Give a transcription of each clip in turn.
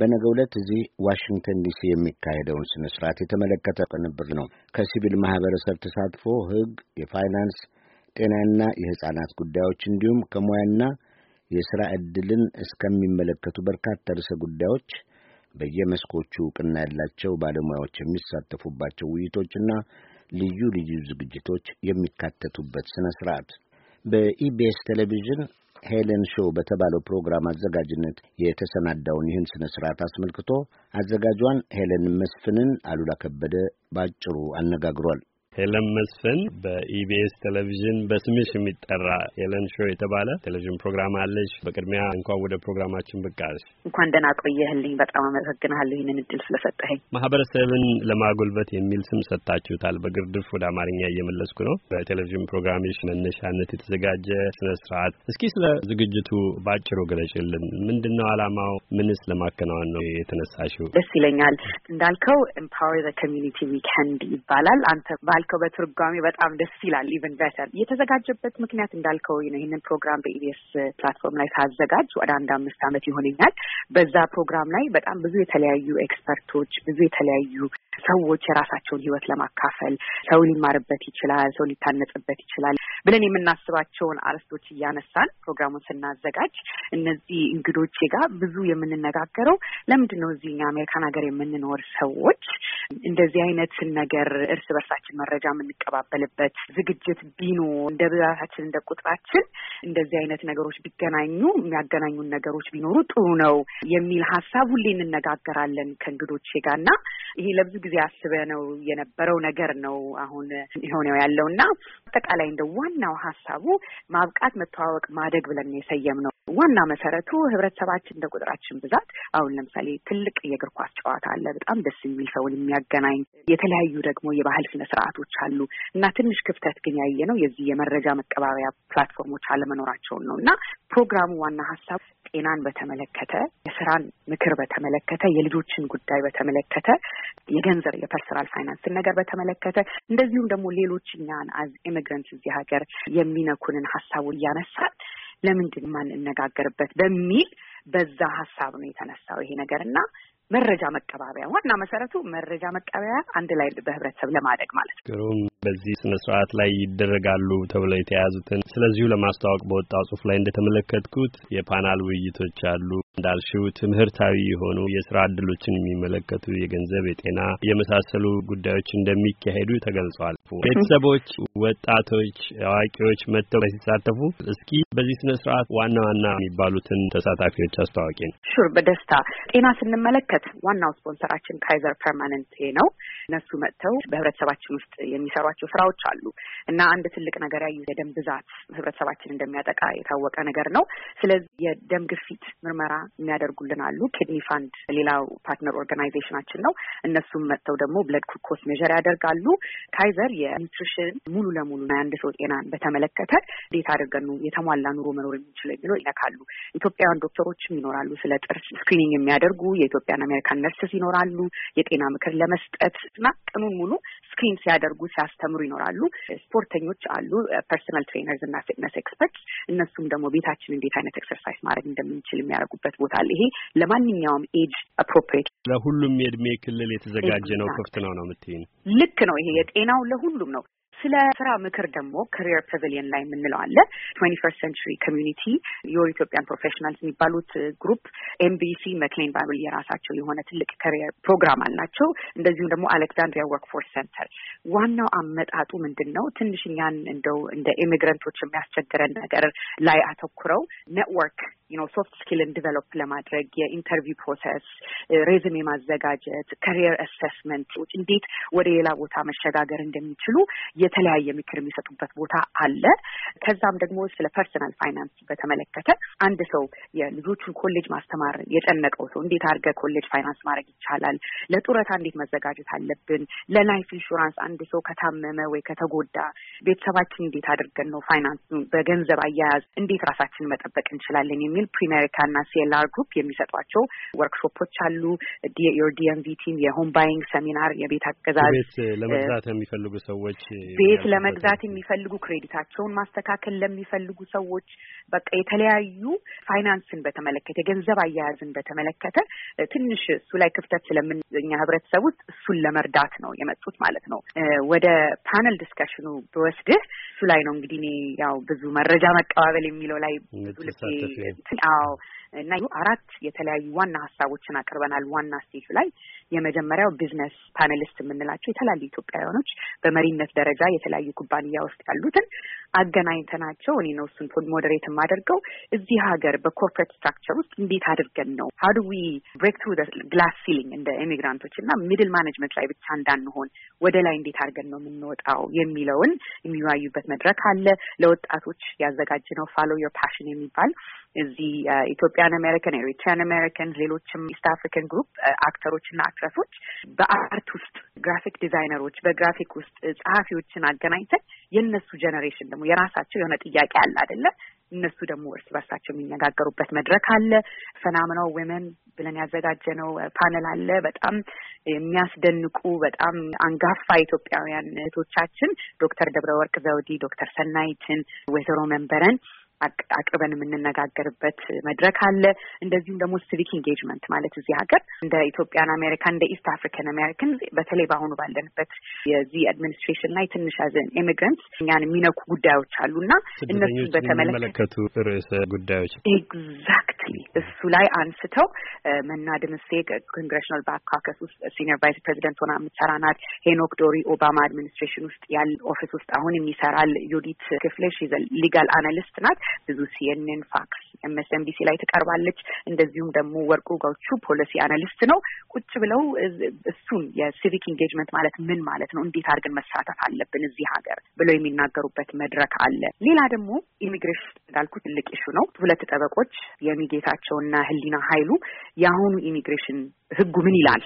በነገ ዕለት እዚህ ዋሽንግተን ዲሲ የሚካሄደውን ስነ ስርዓት የተመለከተ ቅንብር ነው። ከሲቪል ማህበረሰብ ተሳትፎ ህግ የፋይናንስ ጤናና የህፃናት ጉዳዮች እንዲሁም ከሙያና የሥራ ዕድልን እስከሚመለከቱ በርካታ ርዕሰ ጉዳዮች በየመስኮቹ ዕውቅና ያላቸው ባለሙያዎች የሚሳተፉባቸው ውይይቶችና ልዩ ልዩ ዝግጅቶች የሚካተቱበት ስነ ስርዓት በኢቢኤስ ቴሌቪዥን ሄለን ሾው በተባለው ፕሮግራም አዘጋጅነት የተሰናዳውን ይህን ስነ ስርዓት አስመልክቶ አዘጋጇን ሄለን መስፍንን አሉላ ከበደ ባጭሩ አነጋግሯል። ሄለን መስፍን በኢቢኤስ ቴሌቪዥን በስምሽ የሚጠራ ሄለን ሾ የተባለ ቴሌቪዥን ፕሮግራም አለሽ። በቅድሚያ እንኳን ወደ ፕሮግራማችን ብቅ አለሽ። እንኳን ደህና ቆየህልኝ። በጣም አመሰግናለሁ ይህንን እድል ስለሰጠኸኝ። ማህበረሰብን ለማጎልበት የሚል ስም ሰጥታችሁታል። በግርድፍ ወደ አማርኛ እየመለስኩ ነው። በቴሌቪዥን ፕሮግራምሽ መነሻነት የተዘጋጀ ስነ ስርዓት፣ እስኪ ስለ ዝግጅቱ በአጭሩ ገለጭልን። ምንድን ነው ዓላማው? ምንስ ለማከናወን ነው የተነሳሽው? ደስ ይለኛል። እንዳልከው ኤምፓወር ዘ ኮሚኒቲ ዊኬንድ ይባላል። አንተ ባል እንዳልከው በትርጓሜ በጣም ደስ ይላል። ኢቨን በተር የተዘጋጀበት ምክንያት እንዳልከው ነው። ይህንን ፕሮግራም በኢቢኤስ ፕላትፎርም ላይ ሳዘጋጅ ወደ አንድ አምስት ዓመት ይሆነኛል። በዛ ፕሮግራም ላይ በጣም ብዙ የተለያዩ ኤክስፐርቶች፣ ብዙ የተለያዩ ሰዎች የራሳቸውን ህይወት ለማካፈል ሰው ሊማርበት ይችላል፣ ሰው ሊታነጽበት ይችላል ብለን የምናስባቸውን አርዕስቶች እያነሳን ፕሮግራሙን ስናዘጋጅ እነዚህ እንግዶቼ ጋር ብዙ የምንነጋገረው ለምንድን ነው እዚህ እኛ አሜሪካን ሀገር የምንኖር ሰዎች እንደዚህ አይነት ነገር እርስ በርሳችን መረጃ የምንቀባበልበት ዝግጅት ቢኖር እንደ ብዛታችን እንደ ቁጥራችን እንደዚህ አይነት ነገሮች ቢገናኙ የሚያገናኙን ነገሮች ቢኖሩ ጥሩ ነው የሚል ሀሳብ ሁሌ እንነጋገራለን ከእንግዶቼ ጋር እና ይሄ ለብዙ ጊዜ አስበ ነው የነበረው ነገር ነው አሁን የሆነው ያለው እና አጠቃላይ እንደ ዋናው ሀሳቡ ማብቃት፣ መተዋወቅ፣ ማደግ ብለን የሰየም ነው። ዋና መሰረቱ ህብረተሰባችን እንደ ቁጥራችን ብዛት አሁን ለምሳሌ ትልቅ የእግር ኳስ ጨዋታ አለ በጣም ደስ የሚል ሰውን የሚያ የሚያገናኝ የተለያዩ ደግሞ የባህል ስነ ስርዓቶች አሉ እና ትንሽ ክፍተት ግን ያየ ነው የዚህ የመረጃ መቀባበያ ፕላትፎርሞች አለመኖራቸውን ነው እና ፕሮግራሙ ዋና ሀሳብ ጤናን በተመለከተ፣ የስራን ምክር በተመለከተ፣ የልጆችን ጉዳይ በተመለከተ፣ የገንዘብ የፐርሰናል ፋይናንስን ነገር በተመለከተ እንደዚሁም ደግሞ ሌሎች እኛን አዝ ኢሚግረንት እዚህ ሀገር የሚነኩንን ሀሳቡን እያነሳል ለምንድን ማንነጋገርበት በሚል በዛ ሀሳብ ነው የተነሳው ይሄ ነገር እና መረጃ መቀባበያ ዋና መሰረቱ መረጃ መቀበያ አንድ ላይ በህብረተሰብ ለማደግ ማለት ነው። ግሩም በዚህ ስነ ስርዓት ላይ ይደረጋሉ ተብለው የተያዙትን ስለዚሁ ለማስተዋወቅ በወጣው ጽሁፍ ላይ እንደተመለከትኩት የፓናል ውይይቶች አሉ። እንዳልሽው ትምህርታዊ የሆኑ የስራ እድሎችን የሚመለከቱ የገንዘብ፣ የጤና የመሳሰሉ ጉዳዮች እንደሚካሄዱ ተገልጿል። ቤተሰቦች፣ ወጣቶች፣ አዋቂዎች መጥተው ሲሳተፉ እስኪ በዚህ ስነ ስርዓት ዋና ዋና የሚባሉትን ተሳታፊዎች አስተዋወቂ ነው። ሹር በደስታ ጤና ስንመለከት ዋናው ስፖንሰራችን ካይዘር ፐርማነንት ነው። እነሱ መጥተው በህብረተሰባችን ውስጥ የሚሰሩ የሚሰራባቸው ስራዎች አሉ እና አንድ ትልቅ ነገር ያዩ የደም ብዛት ህብረተሰባችን እንደሚያጠቃ የታወቀ ነገር ነው። ስለዚህ የደም ግፊት ምርመራ የሚያደርጉልን አሉ። ኪድኒ ፋንድ ሌላው ፓርትነር ኦርጋናይዜሽናችን ነው። እነሱም መጥተው ደግሞ ብለድ ኩርኮስ ሜዥር ያደርጋሉ። ካይዘር የኒትሪሽን ሙሉ ለሙሉ የአንድ ሰው ጤናን በተመለከተ እንዴት አድርገን ነው የተሟላ ኑሮ መኖር የምንችለው የሚለው ይለካሉ። ኢትዮጵያውያን ዶክተሮችም ይኖራሉ፣ ስለ ጥርስ ስክሪኒንግ የሚያደርጉ የኢትዮጵያን አሜሪካን ነርስስ ይኖራሉ፣ የጤና ምክር ለመስጠት እና ቀኑን ሙሉ ስክሪን ሲያደርጉ ሲያስተምሩ ይኖራሉ። ስፖርተኞች አሉ፣ ፐርሰናል ትሬነርስ እና ፊትነስ ኤክስፐርትስ። እነሱም ደግሞ ቤታችን እንዴት አይነት ኤክሰርሳይዝ ማድረግ እንደምንችል የሚያደርጉበት ቦታ አለ። ይሄ ለማንኛውም ኤጅ አፕሮፕሪት ለሁሉም የእድሜ ክልል የተዘጋጀ ነው፣ ክፍት ነው ነው የምትይኝ? ልክ ነው። ይሄ የጤናው ለሁሉም ነው። ስለ ስራ ምክር ደግሞ ከሪየር ፐቪሊየን ላይ የምንለው አለ። ትዌንቲ ፈርስት ሴንቹሪ ኮሚዩኒቲ የወር ኢትዮጵያን ፕሮፌሽናልስ የሚባሉት ግሩፕ ኤምቢሲ መክሌን ባብል የራሳቸው የሆነ ትልቅ ካሪየር ፕሮግራም አላቸው። እንደዚሁም ደግሞ አሌክዛንድሪያ ወርክፎርስ ሴንተር ዋናው አመጣጡ ምንድን ነው? ትንሽ እኛን እንደው እንደ ኢሚግረንቶች የሚያስቸግረን ነገር ላይ አተኩረው ኔትወርክ ነው ሶፍት ስኪልን ዲቨሎፕ ለማድረግ የኢንተርቪው ፕሮሰስ፣ ሬዝሜ ማዘጋጀት፣ ካሪየር አሴስመንት እንዴት ወደ ሌላ ቦታ መሸጋገር እንደሚችሉ የተለያየ ምክር የሚሰጡበት ቦታ አለ። ከዛም ደግሞ ስለ ፐርሰናል ፋይናንስ በተመለከተ አንድ ሰው የልጆቹን ኮሌጅ ማስተማር የጨነቀው ሰው እንዴት አድርገ ኮሌጅ ፋይናንስ ማድረግ ይቻላል፣ ለጡረታ እንዴት መዘጋጀት አለብን፣ ለላይፍ ኢንሹራንስ አንድ ሰው ከታመመ ወይ ከተጎዳ ቤተሰባችን እንዴት አድርገን ነው ፋይናንስ በገንዘብ አያያዝ እንዴት ራሳችን መጠበቅ እንችላለን የሚል ፕሪሜሪካና ሲኤልአር ግሩፕ የሚሰጧቸው ወርክሾፖች አሉ። የዲኤምቪ ቲም የሆም ባይንግ ሰሚናር፣ የቤት አገዛዝ ለመግዛት የሚፈልጉ ሰዎች ቤት ለመግዛት የሚፈልጉ ክሬዲታቸውን ማስተካከል ለሚፈልጉ ሰዎች በቃ የተለያዩ ፋይናንስን በተመለከተ የገንዘብ አያያዝን በተመለከተ ትንሽ እሱ ላይ ክፍተት ስለምንኛ ህብረተሰብ ውስጥ እሱን ለመርዳት ነው የመጡት ማለት ነው። ወደ ፓነል ዲስከሽኑ ብወስድህ እሱ ላይ ነው እንግዲህ እኔ ያው ብዙ መረጃ መቀባበል የሚለው ላይ ብዙ ልቤ አዎ እና አራት የተለያዩ ዋና ሀሳቦችን አቅርበናል ዋና ስቴጅ ላይ የመጀመሪያው ቢዝነስ ፓነሊስት የምንላቸው የተለያዩ ኢትዮጵያውያኖች በመሪነት ደረጃ የተለያዩ ኩባንያ ውስጥ ያሉትን አገናኝተናቸው እኔ ነው እሱን ሞዴሬት የማደርገው እዚህ ሀገር በኮርፖሬት ስትራክቸር ውስጥ እንዴት አድርገን ነው ሀዱ ዊ ብሬክ ትሩ ግላስ ሲሊንግ እንደ ኢሚግራንቶች እና ሚድል ማኔጅመንት ላይ ብቻ እንዳንሆን ወደ ላይ እንዴት አድርገን ነው የምንወጣው የሚለውን የሚወያዩበት መድረክ አለ። ለወጣቶች ነው ፋሎ ዮር ፓሽን የሚባል እዚህ ኢትዮጵያን አሜሪካን፣ ኤሪትሪያን አሜሪካን፣ ሌሎችም ኢስት አፍሪካን ግሩፕ አክተሮች እና ዶክትረሶች በአርት ውስጥ ግራፊክ ዲዛይነሮች፣ በግራፊክ ውስጥ ጸሐፊዎችን አገናኝተን የእነሱ ጀኔሬሽን ደግሞ የራሳቸው የሆነ ጥያቄ አለ አይደለም እነሱ ደግሞ እርስ በርሳቸው የሚነጋገሩበት መድረክ አለ። ፈናምናው ወመን ብለን ያዘጋጀነው ፓነል አለ። በጣም የሚያስደንቁ በጣም አንጋፋ ኢትዮጵያውያን እህቶቻችን ዶክተር ደብረ ወርቅ ዘውዲ፣ ዶክተር ሰናይትን፣ ወይዘሮ መንበረን አቅርበን የምንነጋገርበት መድረክ አለ። እንደዚሁም ደግሞ ሲቪክ ኢንጌጅመንት ማለት እዚህ ሀገር እንደ ኢትዮጵያን አሜሪካን እንደ ኢስት አፍሪካን አሜሪካን በተለይ በአሁኑ ባለንበት የዚህ አድሚኒስትሬሽን ላይ ትንሽ አዘን ኢሚግራንት እኛን የሚነኩ ጉዳዮች አሉ እና እነሱ በተመለከቱ ርዕሰ ጉዳዮች ኤግዛክትሊ እሱ ላይ አንስተው መና ድምሴ ኮንግሬሽናል ባካከስ ውስጥ ሲኒየር ቫይስ ፕሬዚደንት ሆና የምትሰራ ናት። ሄኖክ ዶሪ ኦባማ አድሚኒስትሬሽን ውስጥ ያለ ኦፊስ ውስጥ አሁን የሚሰራል። ዩዲት ክፍሌሽ ሊጋል አናሊስት ናት። ብዙ ሲኤንኤን፣ ፋክስ፣ ኤምኤስኤንቢሲ ላይ ትቀርባለች። እንደዚሁም ደግሞ ወርቁ ጋቹ ፖሊሲ አናሊስት ነው። ቁጭ ብለው እሱን የሲቪክ ኢንጌጅመንት ማለት ምን ማለት ነው፣ እንዴት አድርገን መሳተፍ አለብን እዚህ ሀገር ብለው የሚናገሩበት መድረክ አለ። ሌላ ደግሞ ኢሚግሬሽን እንዳልኩ ትልቅ ኢሹ ነው። ሁለት ጠበቆች የሚጌታቸውና ህሊና ኃይሉ የአሁኑ ኢሚግሬሽን ህጉ ምን ይላል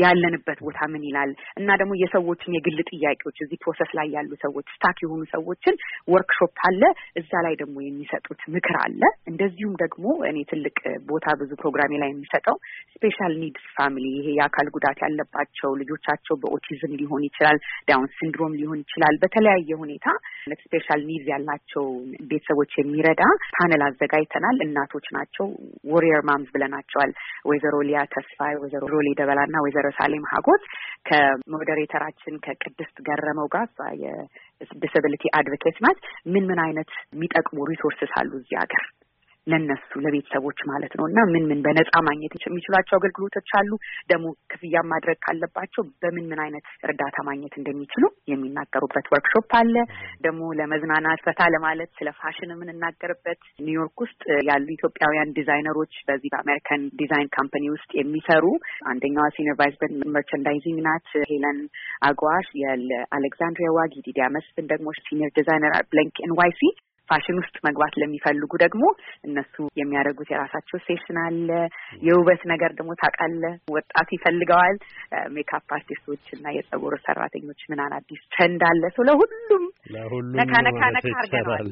ያለንበት ቦታ ምን ይላል እና ደግሞ የሰዎችን የግል ጥያቄዎች እዚህ ፕሮሰስ ላይ ያሉ ሰዎች ስታክ የሆኑ ሰዎችን ወርክሾፕ አለ። እዛ ላይ ደግሞ የሚሰጡት ምክር አለ። እንደዚሁም ደግሞ እኔ ትልቅ ቦታ ብዙ ፕሮግራሜ ላይ የሚሰጠው ስፔሻል ኒድስ ፋሚሊ፣ ይሄ የአካል ጉዳት ያለባቸው ልጆቻቸው በኦቲዝም ሊሆን ይችላል፣ ዳውን ሲንድሮም ሊሆን ይችላል፣ በተለያየ ሁኔታ ስፔሻል ኒዝ ያላቸው ቤተሰቦች የሚረዳ ፓነል አዘጋጅተናል። እናቶች ናቸው ወሪየር ማምዝ ብለናቸዋል። ወይዘሮ ሊያ ተስፋይ፣ ወይዘሮ ሮሌ ደበላ እና ወይዘሮ ሳሌም ሀጎት ከሞዴሬተራችን ከቅድስት ገረመው ጋር የዲስብሊቲ አድቮኬት ናት። ምን ምን አይነት የሚጠቅሙ ሪሶርስስ አሉ እዚህ ሀገር ለነሱ ለቤተሰቦች ማለት ነው እና ምን ምን በነፃ ማግኘት የሚችሏቸው አገልግሎቶች አሉ፣ ደግሞ ክፍያ ማድረግ ካለባቸው በምን ምን አይነት እርዳታ ማግኘት እንደሚችሉ የሚናገሩበት ወርክሾፕ አለ። ደግሞ ለመዝናናት ፈታ ለማለት ስለ ፋሽን የምንናገርበት ኒውዮርክ ውስጥ ያሉ ኢትዮጵያውያን ዲዛይነሮች በዚህ በአሜሪካን ዲዛይን ካምፓኒ ውስጥ የሚሰሩ አንደኛዋ ሲኒየር ቫይስ መርቸንዳይዚንግ ናት፣ ሄለን አጓሽ የአሌክዛንድሪያ ዋጊ ዲዲያ መስፍን ደግሞ ሲኒየር ዲዛይነር ብለንክ ኤንዋይሲ ፋሽን ውስጥ መግባት ለሚፈልጉ ደግሞ እነሱ የሚያደርጉት የራሳቸው ሴሽን አለ። የውበት ነገር ደግሞ ታውቃለህ፣ ወጣት ይፈልገዋል። ሜካፕ አርቲስቶች እና የጸጉር ሰራተኞች ምናን አዲስ ትሬንድ አለ። ስለ ለሁሉም ነካ ነካ ነካ አርገናል።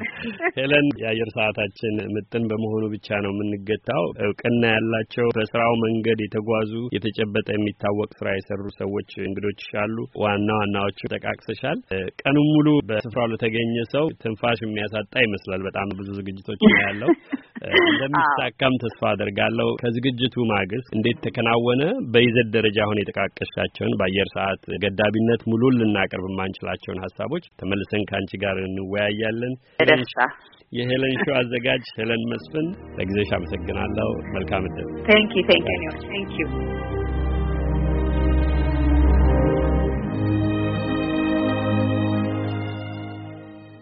ሄለን የአየር ሰዓታችን ምጥን በመሆኑ ብቻ ነው የምንገታው። እውቅና ያላቸው በስራው መንገድ የተጓዙ የተጨበጠ የሚታወቅ ስራ የሰሩ ሰዎች እንግዶች አሉ። ዋና ዋናዎቹ ጠቃቅሰሻል። ቀኑን ሙሉ በስፍራው ለተገኘ ሰው ትንፋሽ የሚያሳጣ ይመስላል። በጣም ብዙ ዝግጅቶች ያለው እንደሚሳካም ተስፋ አደርጋለሁ። ከዝግጅቱ ማግስት እንዴት ተከናወነ? በይዘት ደረጃ አሁን የጠቃቀሻቸውን በአየር ሰዓት ገዳቢነት ሙሉን ልናቀርብ የማንችላቸውን ሀሳቦች ተመልሰን ከአንቺ ጋር እንወያያለን። የሄለን ሾው አዘጋጅ ሄለን መስፍን ለጊዜሽ አመሰግናለሁ። መልካም ዕድል። ቴንኪ ቴንኪ ቴንኪ